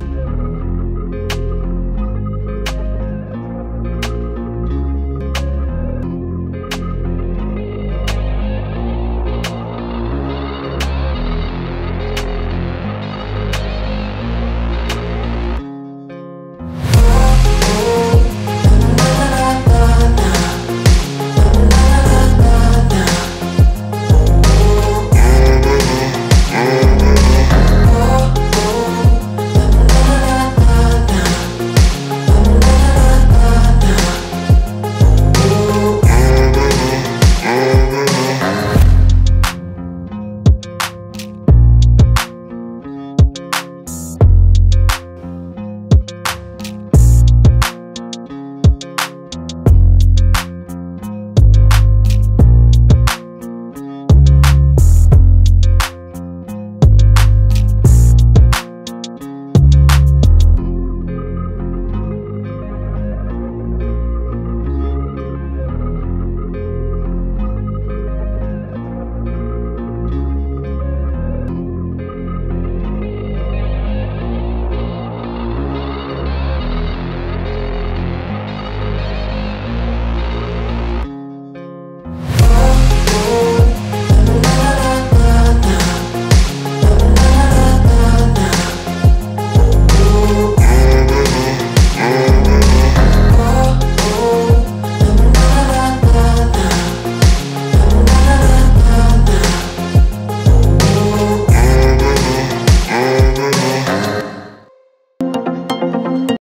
Yeah.